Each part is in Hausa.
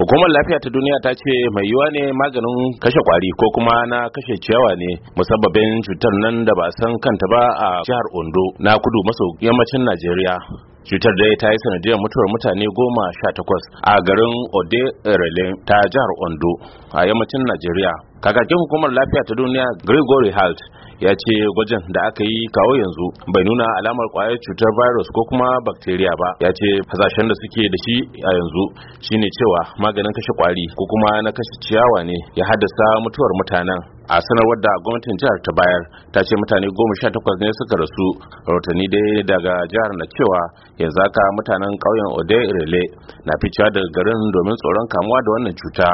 hukumar lafiya ta duniya ta ce mai yiwa ne maganin kashe kwari ko kuma na kashe ciyawa ne musabbabin cutar nan da ba san kanta ba a jihar ondo na kudu maso yammacin najeriya cutar dai ta yi sanadiyar mutuwar mutane goma sha takwas a garin ode ta jihar ondo a yammacin najeriya kakakin hukumar lafiya ta duniya gregory halt ya ce gwajin da aka yi kawo yanzu bai nuna alamar kwayar cutar virus ko kuma bacteria ba ya ce hasashen da suke da shi a yanzu shine cewa maganin kashe kwari ko kuma na kashe ciyawa ne ya haddasa mutuwar mutanen a sanarwar da gwamnatin jihar ta bayar ta ce mutane goma sha takwas ne suka rasu rahotanni dai daga jihar na cewa yanzu mutanen ƙauyen ode irele na ficewa daga garin domin tsoron kamuwa da wannan cuta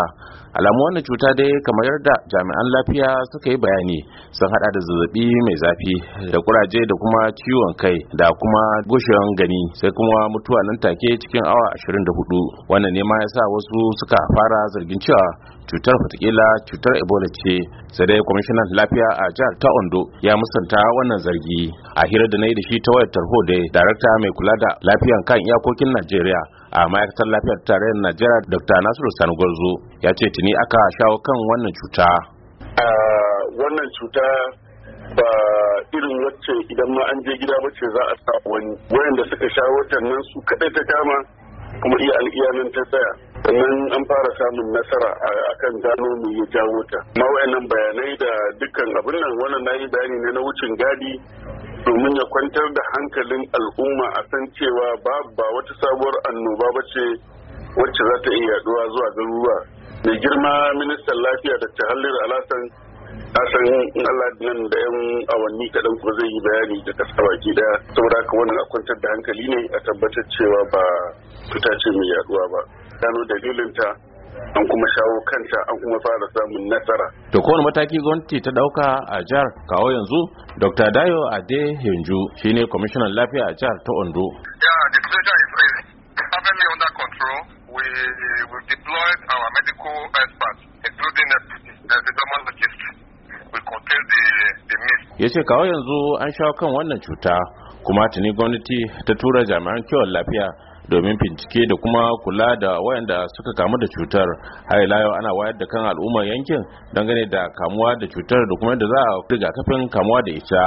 alamu wannan cuta dai kamar yadda jami'an lafiya suka yi bayani sun hada da zazzabi mai zafi da kuraje da kuma ciwon kai da kuma gushewan gani sai kuma mutuwa nan take cikin awa 24 wannan ne ma ya sa wasu suka fara zargin cewa cutar fatakila cutar ebola ce sai dai kwamishinan lafiya a jihar ta ondo ya musanta wannan zargi a hira da na yi da shi ta wayar tarho da darakta mai kula da lafiyan kan iyakokin najeriya a ma'aikatar lafiyar tarayyar najeriya dr nasiru sani gwarzo ya ce tuni aka shawo kan wannan cuta wannan cuta ba irin wacce idan ma an je gida bace za a sa wani wayanda suka sha watan nan su kadai ta kama kuma iya al'iyanan ta tsaya sannan an fara samun nasara a kan gano mu ya jawo ta wa'annan bayanai da dukkan abin nan wannan na yi bayani ne na wucin gadi domin ya kwantar da hankalin al'umma a san cewa ba ba wata sabuwar annoba ba ce wacce za ta iya yaduwa zuwa garuruwa mai girma ministan lafiya da halil alasan san Allah nan da yan awanni kaɗan kuma zai yi bayani da kasa baki ɗaya saboda haka wannan a kwantar da hankali ne a tabbatar cewa ba fita ce mai yaduwa ba gano dalilinta an kuma shawo kanta an kuma fara samun nasara to kowane mataki gwamnati ta dauka a jihar kawo yanzu dr dayo ade hinju shine kwamishinan lafiya a jihar ta ondo yeah, the situation is, under control. We, we deployed our ya ce kawo yanzu an shawo kan wannan cuta kuma tuni gwamnati ta tura jami'an kiwon lafiya domin bincike da kuma kula da wayanda suka kamu da cutar har ila yau ana wayar da kan al'ummar yankin dangane da kamuwa da cutar da kuma da za a kafin kamuwa da ita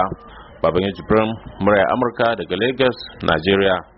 baban ya jibrin murai amurka daga lagos nigeria